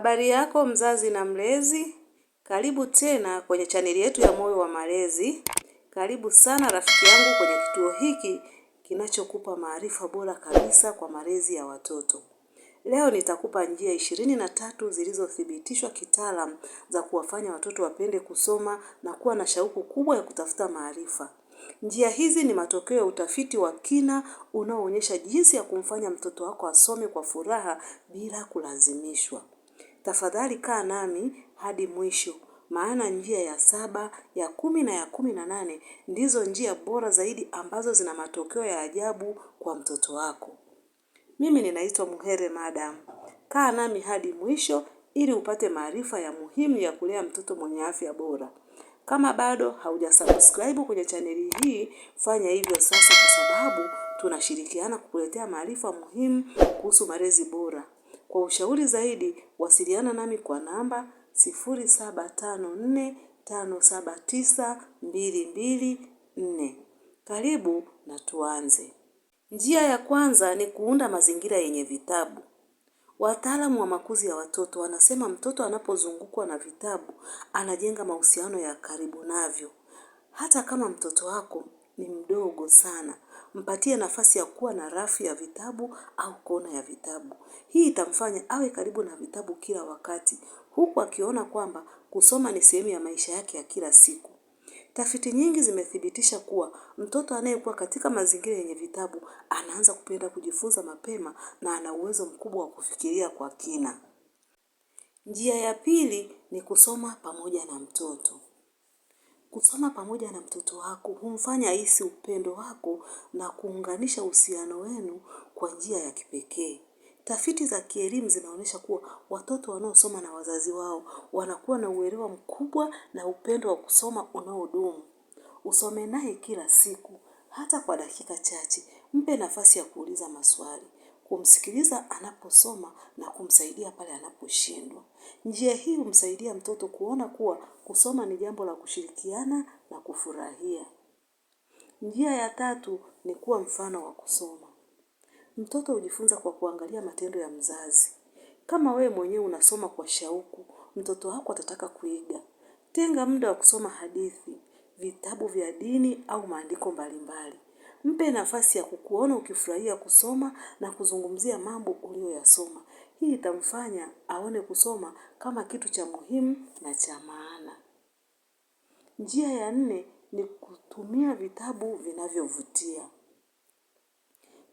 Habari yako mzazi na mlezi, karibu tena kwenye chaneli yetu ya Moyo wa Malezi. Karibu sana rafiki yangu kwenye kituo hiki kinachokupa maarifa bora kabisa kwa malezi ya watoto. Leo nitakupa njia ishirini na tatu zilizothibitishwa kitaalamu za kuwafanya watoto wapende kusoma na kuwa na shauku kubwa ya kutafuta maarifa. Njia hizi ni matokeo ya utafiti wa kina unaoonyesha jinsi ya kumfanya mtoto wako asome kwa furaha bila kulazimishwa. Tafadhali kaa nami hadi mwisho, maana njia ya saba, ya kumi na ya kumi na nane ndizo njia bora zaidi ambazo zina matokeo ya ajabu kwa mtoto wako. Mimi ninaitwa Muhere Madam. Kaa nami hadi mwisho ili upate maarifa ya muhimu ya kulea mtoto mwenye afya bora. Kama bado haujasubscribe kwenye chaneli hii, fanya hivyo sasa kwa sababu tunashirikiana kukuletea maarifa muhimu kuhusu malezi bora. Kwa ushauri zaidi, wasiliana nami kwa namba 0754579224. Karibu na tuanze. Njia ya kwanza ni kuunda mazingira yenye vitabu. Wataalamu wa makuzi ya watoto wanasema mtoto anapozungukwa na vitabu anajenga mahusiano ya karibu navyo. Hata kama mtoto wako ni mdogo sana, mpatie nafasi ya kuwa na rafu ya vitabu au kona ya vitabu. Hii itamfanya awe karibu na vitabu kila wakati, huku akiona kwamba kusoma ni sehemu ya maisha yake ya kila siku. Tafiti nyingi zimethibitisha kuwa mtoto anayekuwa katika mazingira yenye vitabu anaanza kupenda kujifunza mapema na ana uwezo mkubwa wa kufikiria kwa kina. Njia ya pili ni kusoma pamoja na mtoto. Kusoma pamoja na mtoto wako humfanya ahisi upendo wako na kuunganisha uhusiano wenu kwa njia ya kipekee. Tafiti za kielimu zinaonyesha kuwa watoto wanaosoma na wazazi wao wanakuwa na uelewa mkubwa na upendo wa kusoma unaodumu. Usome naye kila siku, hata kwa dakika chache, mpe nafasi ya kuuliza maswali, kumsikiliza anaposoma na kumsaidia pale anaposhindwa. Njia hii humsaidia mtoto kuona kuwa kusoma ni jambo la kushirikiana na kufurahia. Njia ya tatu ni kuwa mfano wa kusoma. Mtoto hujifunza kwa kuangalia matendo ya mzazi. Kama wewe mwenyewe unasoma kwa shauku, mtoto wako atataka kuiga. Tenga muda wa kusoma hadithi, vitabu vya dini au maandiko mbalimbali. Mpe nafasi ya kukuona ukifurahia kusoma na kuzungumzia mambo uliyoyasoma. Hii itamfanya aone kusoma kama kitu cha muhimu na cha maana. Njia ya nne ni kutumia vitabu vinavyovutia.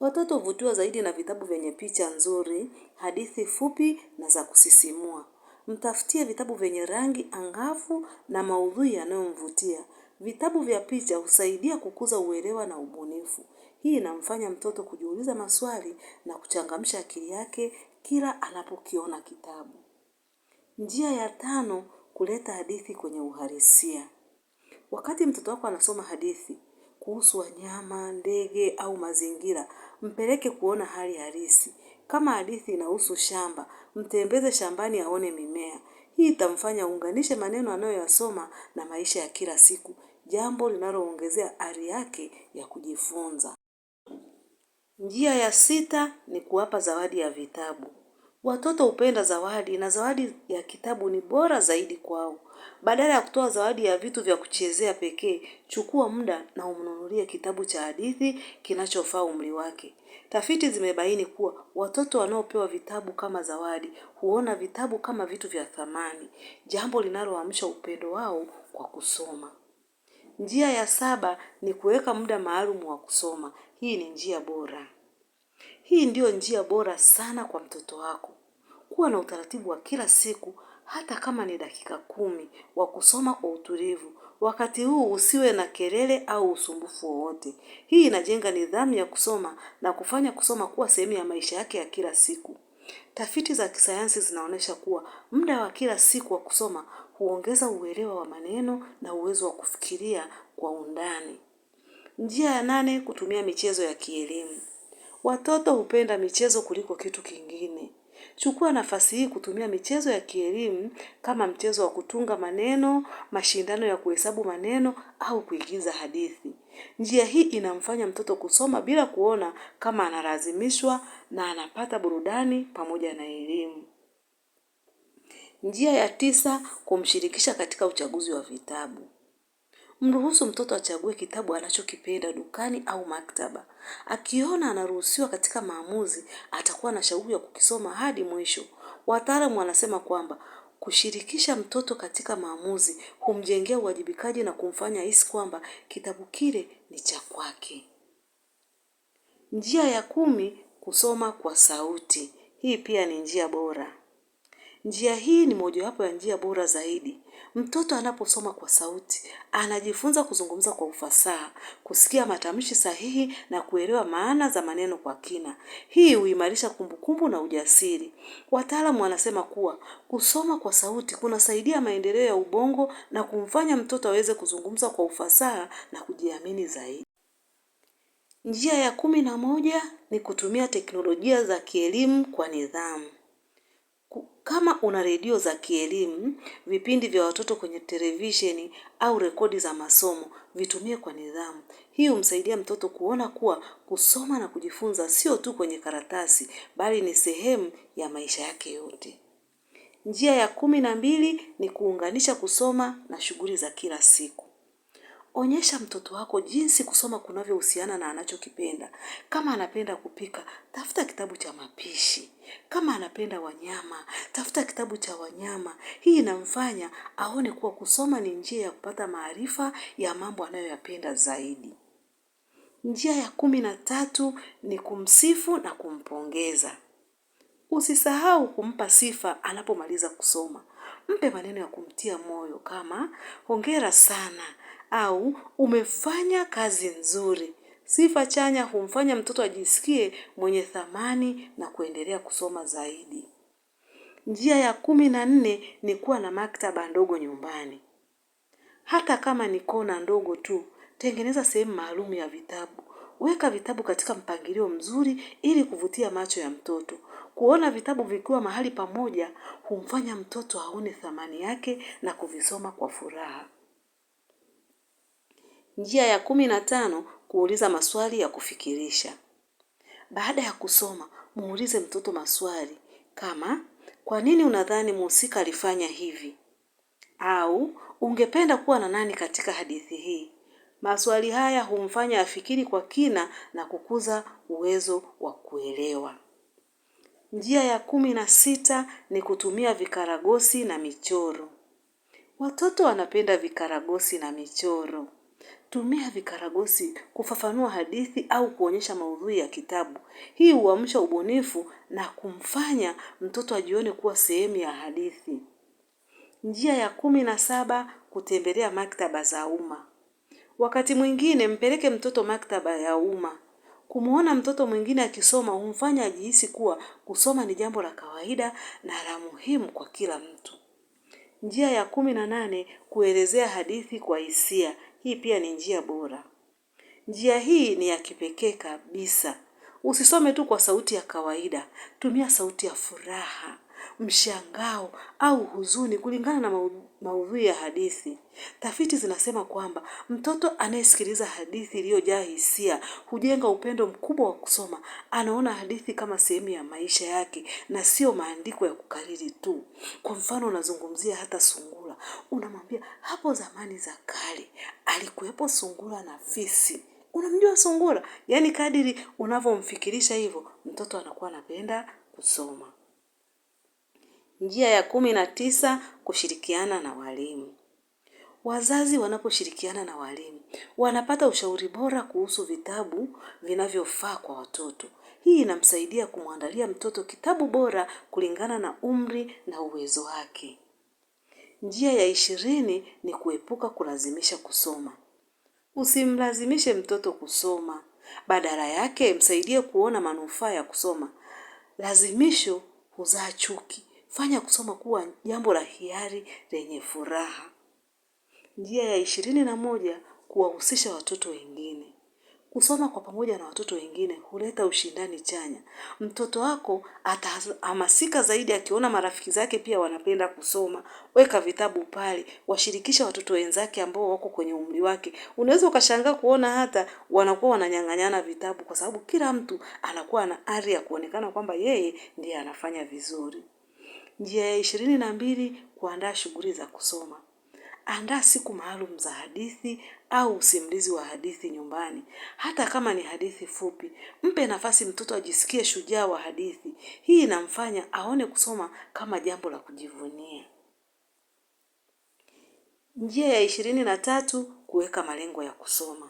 Watoto huvutiwa zaidi na vitabu vyenye picha nzuri, hadithi fupi na za kusisimua. Mtafutie vitabu vyenye rangi angavu na maudhui yanayomvutia. Vitabu vya picha husaidia kukuza uelewa na ubunifu. Hii inamfanya mtoto kujiuliza maswali na kuchangamsha akili yake kila anapokiona kitabu. Njia ya tano, kuleta hadithi kwenye uhalisia. Wakati mtoto wako anasoma hadithi kuhusu wanyama, ndege au mazingira, mpeleke kuona hali halisi. Kama hadithi inahusu shamba, mtembeze shambani aone mimea. Hii itamfanya aunganishe maneno anayoyasoma na maisha ya kila siku, jambo linaloongezea ari yake ya kujifunza. Njia ya sita ni kuwapa zawadi ya vitabu. Watoto hupenda zawadi na zawadi ya kitabu ni bora zaidi kwao. Badala ya kutoa zawadi ya vitu vya kuchezea pekee, chukua muda na umnunulie kitabu cha hadithi kinachofaa umri wake. Tafiti zimebaini kuwa watoto wanaopewa vitabu kama zawadi huona vitabu kama vitu vya thamani, jambo linaloamsha upendo wao kwa kusoma. Njia ya saba ni kuweka muda maalum wa kusoma. Hii ni njia bora. Hii ndiyo njia bora sana kwa mtoto wako. Kuwa na utaratibu wa kila siku hata kama ni dakika kumi wa kusoma kwa utulivu Wakati huu usiwe na kelele au usumbufu wowote. Hii inajenga nidhamu ya kusoma na kufanya kusoma kuwa sehemu ya maisha yake ya kila siku. Tafiti za kisayansi zinaonyesha kuwa muda wa kila siku wa kusoma huongeza uelewa wa maneno na uwezo wa kufikiria kwa undani. Njia ya nane, kutumia michezo ya kielimu. Watoto hupenda michezo kuliko kitu kingine. Chukua nafasi hii kutumia michezo ya kielimu kama mchezo wa kutunga maneno, mashindano ya kuhesabu maneno au kuigiza hadithi. Njia hii inamfanya mtoto kusoma bila kuona kama analazimishwa na anapata burudani pamoja na elimu. Njia ya tisa, kumshirikisha katika uchaguzi wa vitabu. Mruhusu mtoto achague kitabu anachokipenda dukani au maktaba. Akiona anaruhusiwa katika maamuzi, atakuwa na shauku ya kukisoma hadi mwisho. Wataalamu wanasema kwamba kushirikisha mtoto katika maamuzi humjengea uwajibikaji na kumfanya hisi kwamba kitabu kile ni cha kwake. Njia ya kumi, kusoma kwa sauti. Hii pia ni njia bora. Njia hii ni mojawapo ya njia bora zaidi Mtoto anaposoma kwa sauti, anajifunza kuzungumza kwa ufasaha, kusikia matamshi sahihi na kuelewa maana za maneno kwa kina. Hii huimarisha kumbukumbu na ujasiri. Wataalamu wanasema kuwa kusoma kwa sauti kunasaidia maendeleo ya ubongo na kumfanya mtoto aweze kuzungumza kwa ufasaha na kujiamini zaidi. Njia ya kumi na moja ni kutumia teknolojia za kielimu kwa nidhamu. Kama una redio za kielimu, vipindi vya watoto kwenye televisheni au rekodi za masomo, vitumie kwa nidhamu. Hii humsaidia mtoto kuona kuwa kusoma na kujifunza sio tu kwenye karatasi, bali ni sehemu ya maisha yake yote. Njia ya kumi na mbili ni kuunganisha kusoma na shughuli za kila siku. Onyesha mtoto wako jinsi kusoma kunavyohusiana na anachokipenda. Kama anapenda kupika, tafuta kitabu cha mapishi. Kama anapenda wanyama, tafuta kitabu cha wanyama. Hii inamfanya aone kuwa kusoma ni njia ya kupata maarifa ya mambo anayoyapenda zaidi. Njia ya kumi na tatu ni kumsifu na kumpongeza. Usisahau kumpa sifa anapomaliza kusoma. Mpe maneno ya kumtia moyo kama hongera sana, au umefanya kazi nzuri. Sifa chanya humfanya mtoto ajisikie mwenye thamani na kuendelea kusoma zaidi. Njia ya kumi na nne ni kuwa na maktaba ndogo nyumbani. Hata kama ni kona ndogo tu, tengeneza sehemu maalum ya vitabu. Weka vitabu katika mpangilio mzuri ili kuvutia macho ya mtoto. Kuona vitabu vikiwa mahali pamoja humfanya mtoto aone thamani yake na kuvisoma kwa furaha. Njia ya kumi na tano, kuuliza maswali ya kufikirisha. Baada ya kusoma, muulize mtoto maswali kama kwa nini unadhani mhusika alifanya hivi? Au ungependa kuwa na nani katika hadithi hii? Maswali haya humfanya afikiri kwa kina na kukuza uwezo wa kuelewa. Njia ya kumi na sita ni kutumia vikaragosi na michoro. Watoto wanapenda vikaragosi na michoro. Tumia vikaragosi kufafanua hadithi au kuonyesha maudhui ya kitabu. Hii huamsha ubunifu na kumfanya mtoto ajione kuwa sehemu ya hadithi. Njia ya kumi na saba, kutembelea maktaba za umma. Wakati mwingine mpeleke mtoto maktaba ya umma. Kumuona mtoto mwingine akisoma humfanya ajihisi kuwa kusoma ni jambo la kawaida na la muhimu kwa kila mtu. Njia ya kumi na nane, kuelezea hadithi kwa hisia. Hii pia ni njia bora. Njia hii ni ya kipekee kabisa. Usisome tu kwa sauti ya kawaida, tumia sauti ya furaha, mshangao au huzuni kulingana na maudhui ya hadithi. Tafiti zinasema kwamba mtoto anayesikiliza hadithi iliyojaa hisia hujenga upendo mkubwa wa kusoma. Anaona hadithi kama sehemu ya maisha yake na sio maandiko ya kukariri tu. Kwa mfano unazungumzia hata sungu unamwambia hapo zamani za kale alikuwepo sungura na fisi. Unamjua sungura? Yaani kadiri unavyomfikirisha hivyo, mtoto anakuwa anapenda kusoma. Njia ya kumi na tisa, kushirikiana na walimu. Wazazi wanaposhirikiana na walimu wanapata ushauri bora kuhusu vitabu vinavyofaa kwa watoto. Hii inamsaidia kumwandalia mtoto kitabu bora kulingana na umri na uwezo wake. Njia ya ishirini ni kuepuka kulazimisha kusoma. Usimlazimishe mtoto kusoma, badala yake msaidie kuona manufaa ya kusoma. Lazimisho huzaa chuki. Fanya kusoma kuwa jambo la hiari lenye furaha. Njia ya ishirini na moja kuwahusisha watoto wengine. Kusoma kwa pamoja na watoto wengine huleta ushindani chanya. Mtoto wako atahamasika zaidi akiona marafiki zake pia wanapenda kusoma. Weka vitabu pale, washirikisha watoto wenzake ambao wako kwenye umri wake. Unaweza ukashangaa kuona hata wanakuwa wananyang'anyana vitabu kwa sababu kila mtu anakuwa na ari ya kuonekana kwamba yeye ndiye anafanya vizuri. Njia ya ishirini na mbili kuandaa shughuli za kusoma. Andaa siku maalum za hadithi au usimulizi wa hadithi nyumbani. Hata kama ni hadithi fupi, mpe nafasi mtoto ajisikie shujaa wa hadithi. Hii inamfanya aone kusoma kama jambo la kujivunia. Njia ya ishirini na tatu, kuweka malengo ya kusoma.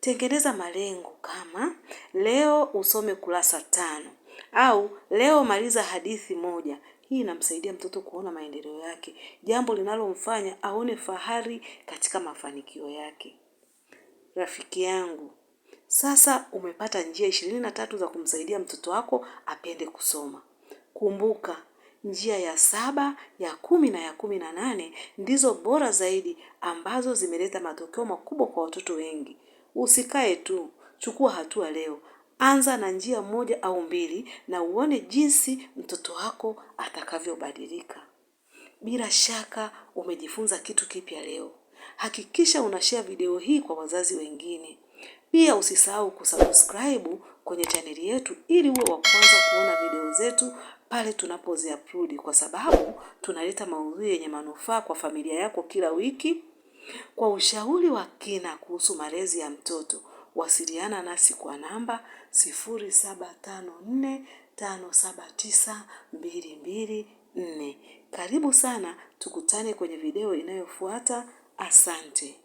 Tengeneza malengo kama leo usome kurasa tano au leo maliza hadithi moja. Hii inamsaidia mtoto kuona maendeleo yake, jambo linalomfanya aone fahari katika mafanikio yake. Rafiki yangu, sasa umepata njia ishirini na tatu za kumsaidia mtoto wako apende kusoma. Kumbuka, njia ya saba, ya kumi na ya kumi na nane ndizo bora zaidi ambazo zimeleta matokeo makubwa kwa watoto wengi. Usikae tu, chukua hatua leo. Anza na njia moja au mbili na uone jinsi mtoto wako atakavyobadilika. Bila shaka umejifunza kitu kipya leo. Hakikisha unashare video hii kwa wazazi wengine. Pia usisahau kusubscribe kwenye chaneli yetu ili uwe wa kwanza kuona video zetu pale tunapoziupload, kwa sababu tunaleta maudhui yenye manufaa kwa familia yako kila wiki, kwa ushauri wa kina kuhusu malezi ya mtoto. Wasiliana nasi kwa namba 0754579224. Karibu sana, tukutane kwenye video inayofuata. Asante.